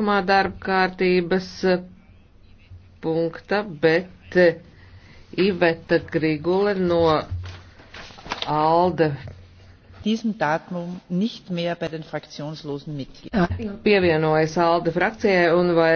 nākamā darba kārtības eh, punkta, bet eh, Iveta Grigule no Alde. Diesem Datum nicht mehr bei den fraktionslosen Mitgliedern. Pievienojas Alde frakcijai un vai